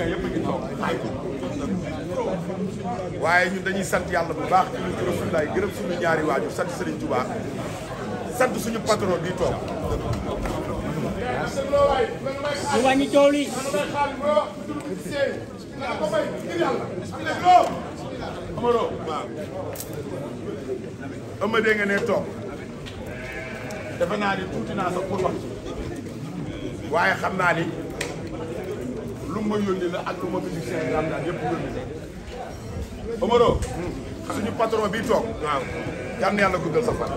politiciens a ngi toog waaye ñun dañuy sant yàlla bu baax julli ci Rasulullaay gërëm suñu ñaari waajur sant Serigne Touba sant suñu patron bi toog. ñu wàññi coow li. nga ne toog. defe naa ni tuuti naa sax pour wax waaye xam naa lu ma yónni la ak lu ma musicien yi am daal yëpp yónni la. Omaro. suñu patron bi toog. waaw yal na yàlla guddal sa fan.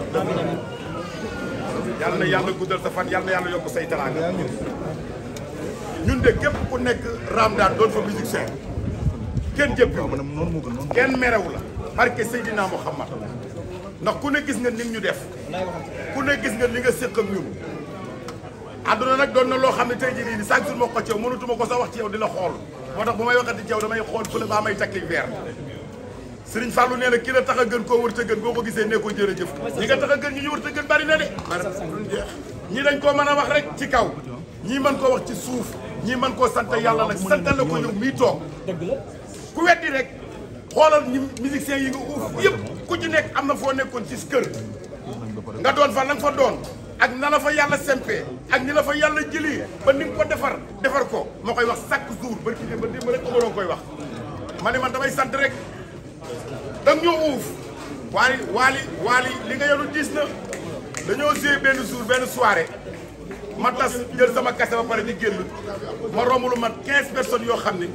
yal na yàlla guddal sa fan yal na yàlla yokk say teraanga. ñun de képp ku nekk Ramadane doon fa musicien kenn jëpp kenn merewu la barke Seydina Muhammad ndax ku ne gis nga nit ñu def ku ne gis nga li nga séq ak ñun àdduna nag doon na loo xam ne tey jii nii sànq ma ko ci yow mënatuma ko sax wax ci yow di xool moo tax bu may waxati ci yow damay xool fële baa nee na ki tax gën koo wër te gën ko gisee nee ko jërëjëf ñi a koo mën wax rek ci kaw ñii mën koo wax ci suuf ñii mën koo sant yàlla nag santal la ko yow mii toog ku weddi rek xoolal ñi musiciens yi nga uuf yëpp ci nekk am na foo nekkoon ci kër nga doon fa la nga fa doon ak na la fa yàlla sempee ak ni la fa yàlla jëlee ba ni nga ko defar defar ko ma koy wax chaque jour ba kii ba démb rek Omaro koy wax ma ne man damay sant rek dang ñoo uuf waali waali li nga yenu diis na dañoo joué benn jour benn soirée ma tas jël sama kase ba pare di génn ma romb lu mat quinze personnes yoo xam ne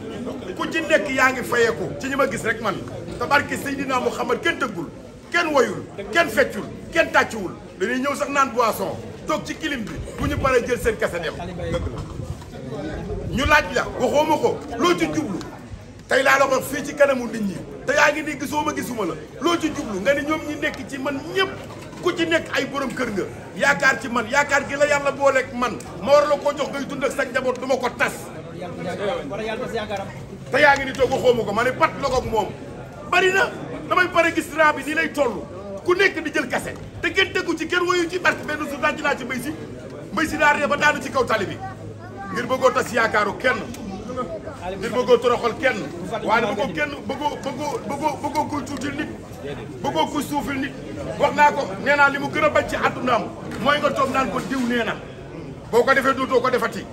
ku ci nekk yaa ngi fayeeku ci ñu ma gis rek man tabarki Seydina Muhammad kenn tëggul kenn woyul kenn feccul kenn tàccuwul dañuy ñëw sax naan boisson toog ci kilim bi bu ñu paree jël seen kese dem a ñu laaj la waxooma ko loo ci jublu tey laa la ko fii ci kanamu nit ñi te yaa ngi nii gisoo ma gisuma la loo ci jublu nga ni ñoom ñi nekk ci man ñëpp ku ci nekk ay borom kër nga yaakaar ci man yaakaar gi la yàlla booleeg man ma war la koo jox ngay dund ak sa njaboot du ma ko tas te yaa ngi ni toog waxooma ko ma ne pat logoog moom bari na damay pare gis raa bi nii lay toll ku nekk di jël kase te kenn tegu ci kenn woyu ci barke benn su dajji naa ci mbay si mbay si daa ree ba daanu ci kaw tali bi ngir bëggoo tas yaakaaru kenn ngir bëggoo toroxal kenn waaye bëggoo kenn bëggoo bëggoo bëggoo bëggoo kuy tuutil nit bëggoo kuy suufil nit wax naa ko nee naa li mu gën a bañ ci àddunaam mooy nga toog naan ko diw nee na boo ko defee duutoo ko defati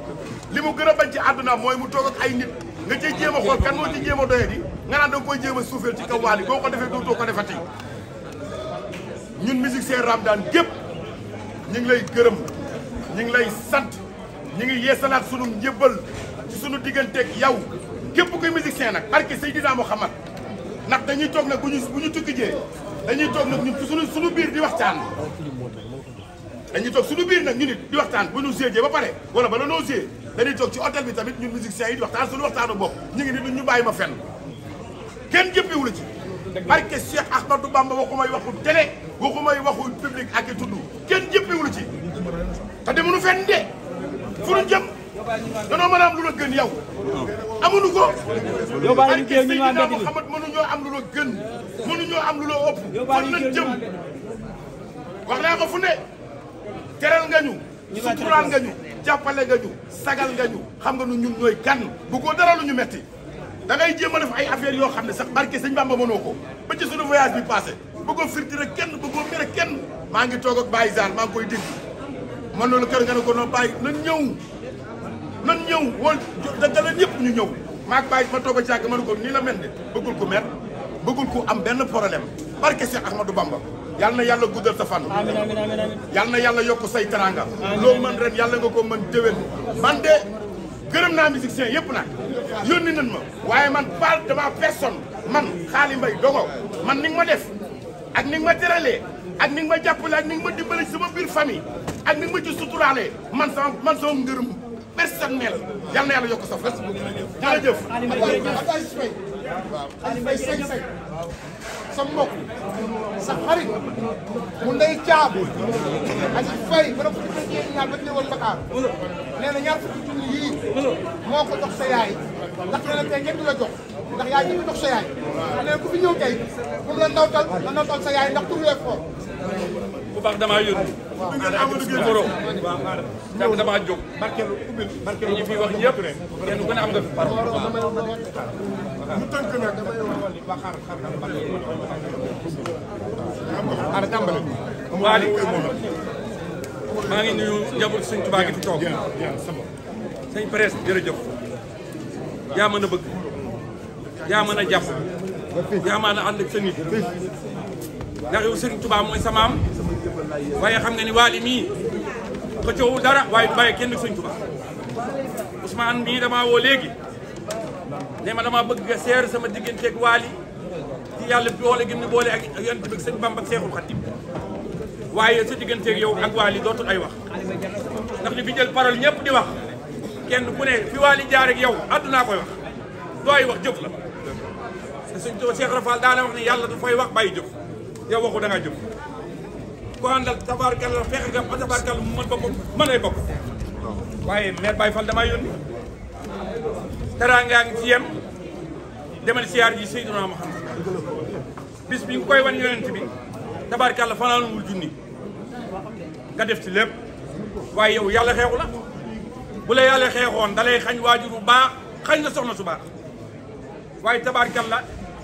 li mu gën a bañ ci àddunaam mooy mu toog ay nit nga cay jéem a xool kan moo ci jéem a doye di nga naan da nga boo ko defee duutoo ko defati ñun seen Ramdan gépp ñu ngi lay gërëm ñu ngi lay sant ñu ngi yeesalaat sunu njëbbal ci sunu digganteeg yow képp kuy musicien nag barke Seydina Muhammad ndax dañuy toog nag bu ñu bu ñu tukki jee dañuy toog nag ñun sunu sunu biir di waxtaan e dañuy toog sunu biir nag ñu nit di waxtaan bu ñu géejee ba pare wala ba na noo géej dañuy toog ci hôtel bi tamit ñun musiciens yi di waxtaan sunu waxtaanu bopp ñu ngi ni duñ ñu bàyyi ma fen kenn jëppewu la ci barke Cheikh Ahmadou Bamba waxumay waxu télé waxumay waxu public ak i tudd kenn jëppiwul ci te demuñu fenn de fu ñu jëm danoo mën a am lu la gën yow amuñu ko barke Seydina Muhammad mënuñoo am lu la gën mënuñoo am lu la ëpp fan lañ jëm wax naa ko fu ne teral nga ñu suturaan nga ñu jàppale nga ñu sagal nga ñu xam nga nu ñun ñooy gan bu ko dara lu ñu metti da ngay jéem a def ay affaire yoo xam ne sax barke sëñ Bamba mënoo ko ba ci sunu bi passé bëggoo firti rek kenn bëggoo mere maa ngi toog ak Baye Zane maa ngi koy dégg man loolu kër nga ne ko non Baye nan ñëw nan ñëw wol dagala ñëpp ñu ñëw maa ak ma toog a jàgg ma ne ko nii la mel ne bëggul ku mer bëggul ku am benn problème barke Cheikh Ahmadou Bamba yàlla na yàlla guddal sa fan yàlla na yàlla yokk say teraanga loo mën ren yàlla nga ko man gërëm naa musicien yëpp nag yónni nañ ma waaye man par dama personne man Xaali Mbaye Dogo man ni ma def ak ni ma teralee ak ni ma jàppale ak ni nga ma dimbale sama biir famille ak ni nga ma ci man sama man sama ngërëm personnel yal na yàlla yokk sa fas jërëjëf Xaali Mbaye sa xarit mu ndey caab Aziz Faye borom fukki fan yéen ñaar ba ñëwoon Dakar nee na ñaar fukki junni yii moo ko jox sa yaay ndax nee na tey kenn du la jox ndax yaay ñi ko jox sa yaay nee na ku fi ñëw tey pour la ndawtal la ndawtal sa yaay ndax tur weeg ko bu baax damaa yónni. waaw waaw damaa jóg. barkeelu ubbil barkeelu ñi fi wax ñëpp rek. kenn ku ne am nga fi par mu tënk nag waaye maa ngi nuyu njaboot suñ tubaab gi fi toog. sëñ presse jërëjëf. yaa mën a bëgg. yaa mën a jàpp. yaa mën a ànd ak sa ndax yow Serigne Touba mooy sa maam waaye xam nga ni waali mii xëccoowul dara waaye du bàyyi kenn du Serigne Touba Ousmane mii damaa woo léegi ne ma damaa bëgg nga seer sama digganteeg waali ci yàlla boole gi mu boole ak yonent bi sëñ Bamba ak Seexul Xadim waaye sa digganteeg yow ak waali dootul ay wax ndax ñu fi jël parole ñëpp di wax kenn ku ne fi waali jaar ak yow àddunaa koy wax doo ay wax jëf la te Serigne Touba Cheikh Rafal daana wax ne yàlla du fay wax bàyyi jëf yow waxu da ngaa jëf ko àndal tabaarkal la fexe nga ba tabaarkal mu mën boppam mën ay bopp waaye maire Baye damay damaa yónni teraanga ngi ci yem demal siyaar ji Seydina Muhammad bis bi nga koy wan yonent bi tabaarkal la fanaanuwul junni nga def ci lépp waaye yow yàlla xeexu la bu la yàlla xeexoon dalay xañ waajur bu baax xañ la soxna su baax waaye tabaarkal la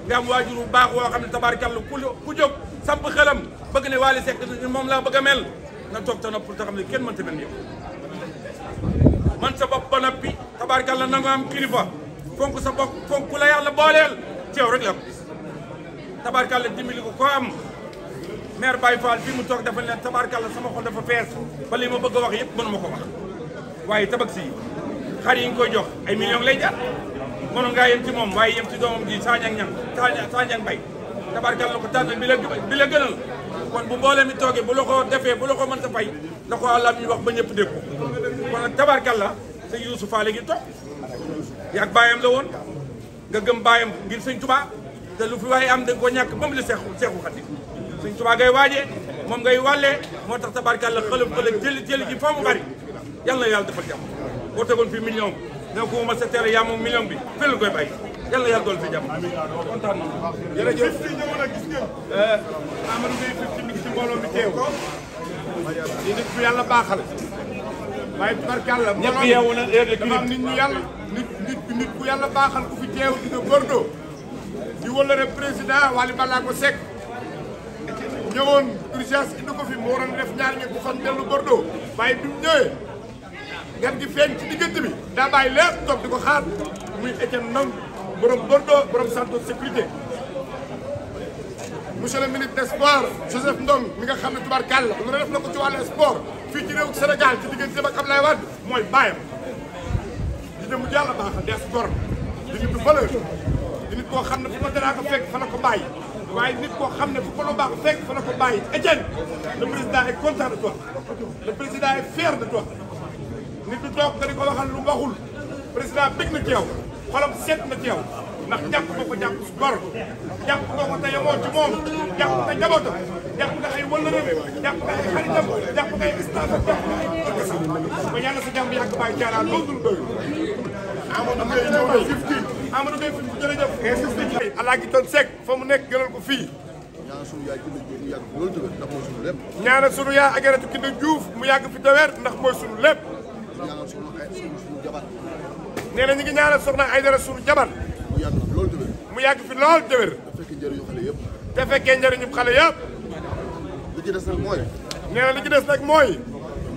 nga am waajur bu baax woo xam ne tabaarkàlla ku ku jóg samp xelam bëgg ne Wally Seck moom laa bëgg a mel na toog ta nopp pour ne kenn mënta mel yow man sa bopp ba noppi tabaarkàlla na nga am kilifa fonk sa bopp fonk ku la yàlla booleel ci yow rek la tabaarkàlla dimbali mu toog dafa ne tabaarkàlla sama xol dafa fees ba li ma bëgg a wax yëpp mënu ma ko wax waaye tabax yi koy jox ay millions lay jar mënoon ngaa yem ci moom waaye yem ci doomam ji Sagnang ñam Sagnang Mbaye tabarkal la ko tànn bi la bi la gënal kon bu mboolee mi toogee bu la ko defee bu la ko mën ta fay la ko àllam ñu wax ba ñëpp dégg ko kon nag tabarkal la sa Youssou Fall gi toog yaag baayam la woon nga gëm baayam ngir sëñ Tuubaa te lu fi waaye am da nga ñàkk ba mu li seexu seexu xati sëñ Tuubaa ngay waajee moom ngay wàllee moo tax tabarkal la xëlëb xëlëb jëli jëli ji foo mu bari yàlla na yàlla defal jàmm boo tegoon fi million ne ko ma sa teel a yàmm million bi fii la koy bay yàlla yàlla dool fi jàmm kontaan na jërëjëf fii ñëwoon a gis ngeen eh, Amadou Gueye fii mi ngi ci mbooloo mi teew di nit bu yàlla baaxal waaye barkal la ñëpp yeewu na dama nit ñu yàlla baaxal ku fi teew di nga Bordeaux di wëllëre président Waly Ballago Seck ñëwoon urgence indi ko fi mu waroon def ñaar ñetti fan dellu Bordeaux waaye bi gan gi feeñ ci diggante bi daa bàyyi lépp toog di ko xaar muy Étienne Ndong borom Bordeaux borom Santos sécurité monsieur le ministre Joseph Ndong mi nga xam ne tubaarkàll la lu ne def na ko ci wàllu sport fii ci réew Sénégal ci diggante ba xam lay waat mooy bàyyam di dem mu jàll baaxal des gor di nit du valeur nit koo xam ne fu ko danaa fekk fa la ko bàyyi waaye nit koo xam ne fu ko lu baax fekk fa la ko bàyyi Étienne le président est content de toi le président est fier de toi nit du toog nga di ko waxal lu waxul président bég na ci yow xolam seet na ci yow ndax jàpp nga ko jàpp su gor jàpp nga ko te yemoo ci moom jàpp nga njabootam jàpp nga ay wëllëram jàpp nga ay xaritam jàpp nga ay istaafa jàpp nga ay ëkkasa ba yàlla sa jàmm yàgg bàyyi jaaraan loolu dul doyul Amadou Mbaye ñëw na fif kii Amadou Mbaye fif jërëjëf insisté Ton Seck fa mu nekk gënal ko fii ñaanal sunu yaay Kiné Diouf mu yàgg fi loolu tëwér ndax mooy sunu lépp ñaanal sunu yaay Ajaratu Kiné mu yàgg fi tëwér ndax mooy sunu lépp nee na ñu ngi ñaanal soxna Aïdara suñu jabar. mu yàgg fi mu yàgg fi lool déwén. te fekkee njëriñu yëpp. fekkee njëriñu xale yëpp. li ci des nag mooy. na li ci des mooy.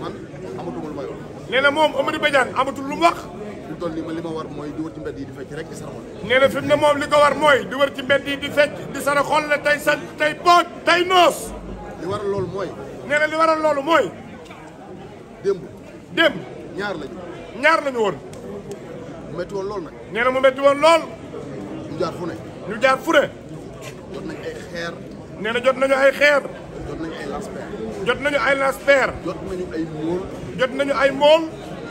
man amatuma lu may wax. nee na amatul mu wax. fi mu toll li ma war mooy di wër ci mbedd yi di fecc rek di saraxol. li ko war mooy di wër ci mbedd yi di fecc di saraxol tey sant tey pooj tey noos. li waral li waral loolu mooy. démb. démb. ñaar lañu ñaar lañu woon. mu métti woon lool nag. nee na mu métti woon lool. ñu jaar fu ne. ñu jaar fu ne. jot nee na jot nañu ay xeer. jot nañu ay laspeer. jot nañu ay laspeer. jot nañu ay mool. jot nañu ay mool.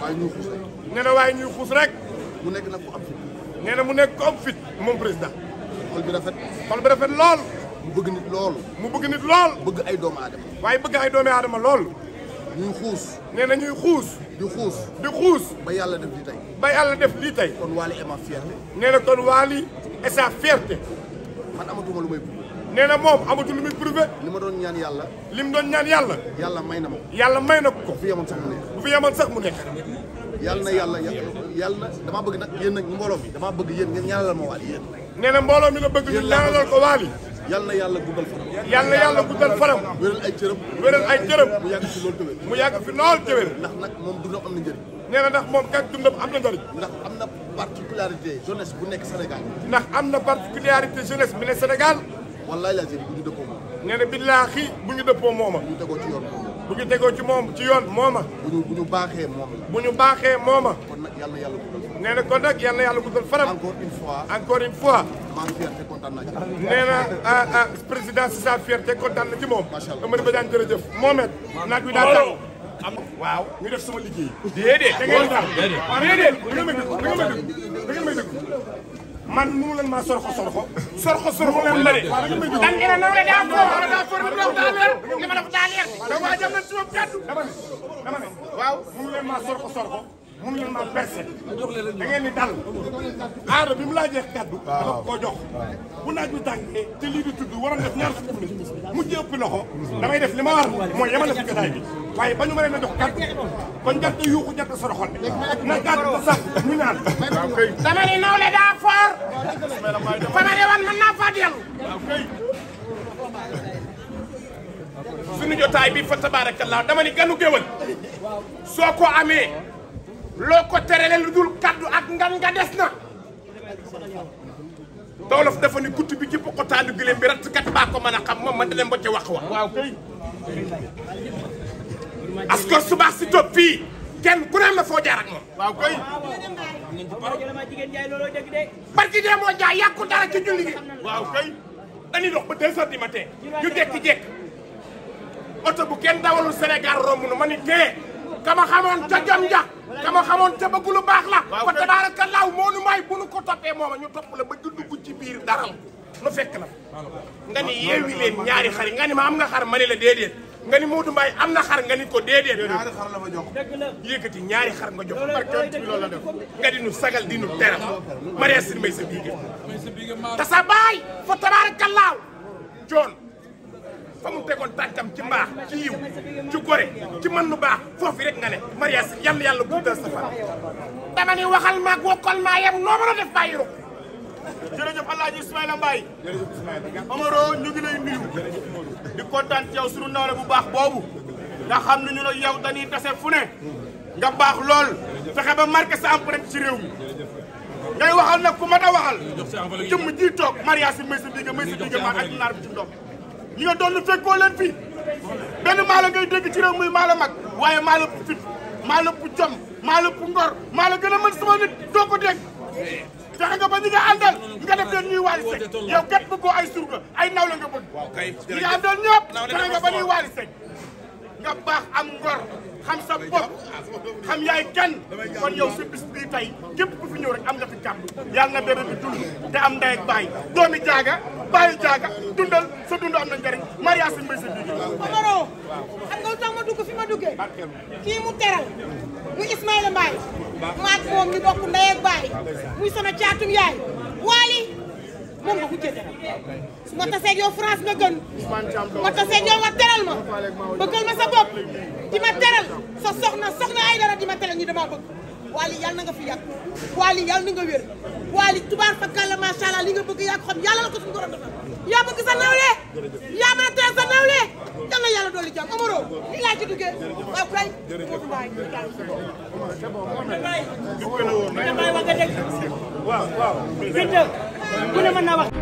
waaye ñuy xuus rek. na waaye ñuy xuus rek. mu nekk nag ku am fit. nee mu nekk ku am fit moom président. xol bi rafet. xol bi rafet lool. mu bëgg nit lool. mu bëgg nit lool. bëgg ay doomu aadama. waaye bëgg ay doomu aadama lool. ñuy xuus. nee na ñuy xuus. di xuus. di xuus. ba yàlla def lii tey. ba yàlla def lii tey. kon Wally est ma fierté. nee na kon Wally est sa fierté. man amatuma lu may prouver. nee na moom amatul lu muy prouver. li ma doon ñaan yàlla. li mu doon ñaan yàlla. yàlla may na ma yàlla may na ko. bu fi yemoon sax mu nekk. bu fi yemoon sax mu nekk. yàlla na yàlla yàlla na damaa bëgg nag yéen nag mbooloo mi damaa bëgg yéen ngeen ñaanalal ma Wally yéen. nee na mbooloo mi nga bëgg ñu ñaanalal ko Wally yal na yàlla guddal faram. yal na yàlla guddal faram. wéral ay cërëm. wéral ay cërëm. mu yàgg fi lool tëwél. mu yàgg fi lool tëwél. ndax nag moom dundam am na njëriñ. nee na ndax moom kat dundam am na njëriñ. ndax am na particularité jeunesse bu nekk senegal ndax am na particularité jeunesse bu nekk Sénégal. wallaay laa bu ñu dëppoo moom. nee na billaahi bu ñu dëppoo mooma. bu ñu tegoo ci yoon bu ñu tegoo ci moom ci yoon mooma. bu ñu baaxee mooma. bu ñu baaxee mooma. kon nag yal yàlla nee na kon nag yal na yàlla guddal fanam. encore une fois encore une fois. maa ngi fierté kontaan naa ci. nee na ah ah président si sa fierté kontaan na ci moom. macha allah Amady Badiane jërëjëf. Mohamed naaj wi daal taw. am waaw ñu def sama liggéey. déedéet da ngeen daal déedéet da ngeen may déglu da ngeen may déglu man mu leen maa sorxo sorxo. sorxo sorxo mu leen mën. waaw da ngeen may déglu da ngeen a daa fort daa fort mu doon daa leer li ma def daa leer. da waa jam nañ si moom kàddu. dama ne dama ne waaw mu leen maa sorxo sorxo. mun leen maa percé da ngeen di dal aada bi mu laajee kaddu dafa koo jox bu naaj tàngee te lii di tudd waroon def ñaar fukki minutes mu jëpp loxo damay def li ma war mooy yemale si jotaay bi waaye ba ñu mën a jox kaddu kon jot a yuuxu jot a soroxol na kaddu ba sax ñu naan dama ni nawle daa foor fa ma ne naa faa dellu suñu jotaay bi fa tabaarakallaa dama ni ganu géwël soo ko amee loo ko terele lu dul kaddu ak ngan nga des na doolof dafa ni kutt bi ci poqotaanu gëléem bi ratt kat baa ko mën a xam moom ma dana mbocc wax wax waaw kay parce que suba si toppi kenn ku ne am na foo jaar ak moom waaw koy barki dee moo jaay yàqu dara ci julli gi waaw koy dañuy dox ba deux heures du matin jekki-jekk oto bu kenn dawalul Sénégal romb nu ma ni tee a xamoon ca jom ja kama xamoon ca bëgg lu baax la fa tabaarakallaahu moo nu may bu nu ko toppee mooma ñu topp la ba dugg ci biir daram nu fekk la nga ni yeewi leen ñaari xar nga ni ma am nga xar ma la déedéet nga ni Modou Mbaye am na xar nga ni ko déedéet ñaari xar la ma jox yëkkati ñaari xar nga jox barke ci loolu la def nga di nu sagal di nu teral ma rees may sa biige te sa baay fa tabaarakallaahu joon fa mu tegoon tànkam ci mbaax ci yiw ci gore ci mën lu baax foofu rek nga ne marias yàlla yàlla guddal sa fan dama ni waxal maag wokkal maa yem noo mën a def bàyyi ru jërëjëf alaaji Ismaïla Mbaye Omaro ñu ngi lay nuyu di kontaan ci su sunu nawle bu baax boobu nga xam ne ñu ne yow dañuy tase fu ne nga baax lool fexe ba marqué sa empreinte ci réew mi ngay waxal na ku ma a waxal jëmm ji toog marias yi may sa digga may sa digga maa ak ñi nga doon fekkoo leen fii benn maala ngay dégg ci réew muy maala mag waaye maala bu fit maala bu jom maala bu ngor maala gën a mën sama nit doo ko dégg fexe nga ba ñi nga àndal nga def leen ñuy waali sek ay surga ay naw la nga bëgg ñi nga àndal ñëpp fexe nga ba ñuy waali sek nga baax am ngor xam sa ah, bopp xam yaay kenn kon yow si bis bii tey képp ku fi ñëw rek am nga fi jàmm yàlla na bébé bi dund te am ndey baay doomi jaaga bàyyi jaaga dundal sa dund am na njëriñ Maria Sy Mbaye sa biir. Omaro xam nga lu tax ma dugg fi ma duggee kii mu teral mu Ismaïla Mbaye maak moom mi bokk ndey ak baay muy sama caatum yaay waali moom su ma taseeg yow France nga ma sa bopp di ma teral sa soxna soxna ay dara di ma teral ñu dama bëgg Wally yàlla na nga fi yàgg Wally yàlla na wér Wally tubaar fakkala macha allah li nga bëgg yàgg xam yàlla la ko suñu borom a teel sa nawle yal na yàlla laa ci duggee waaw Fray moofu mbaay daal ne mën naa wax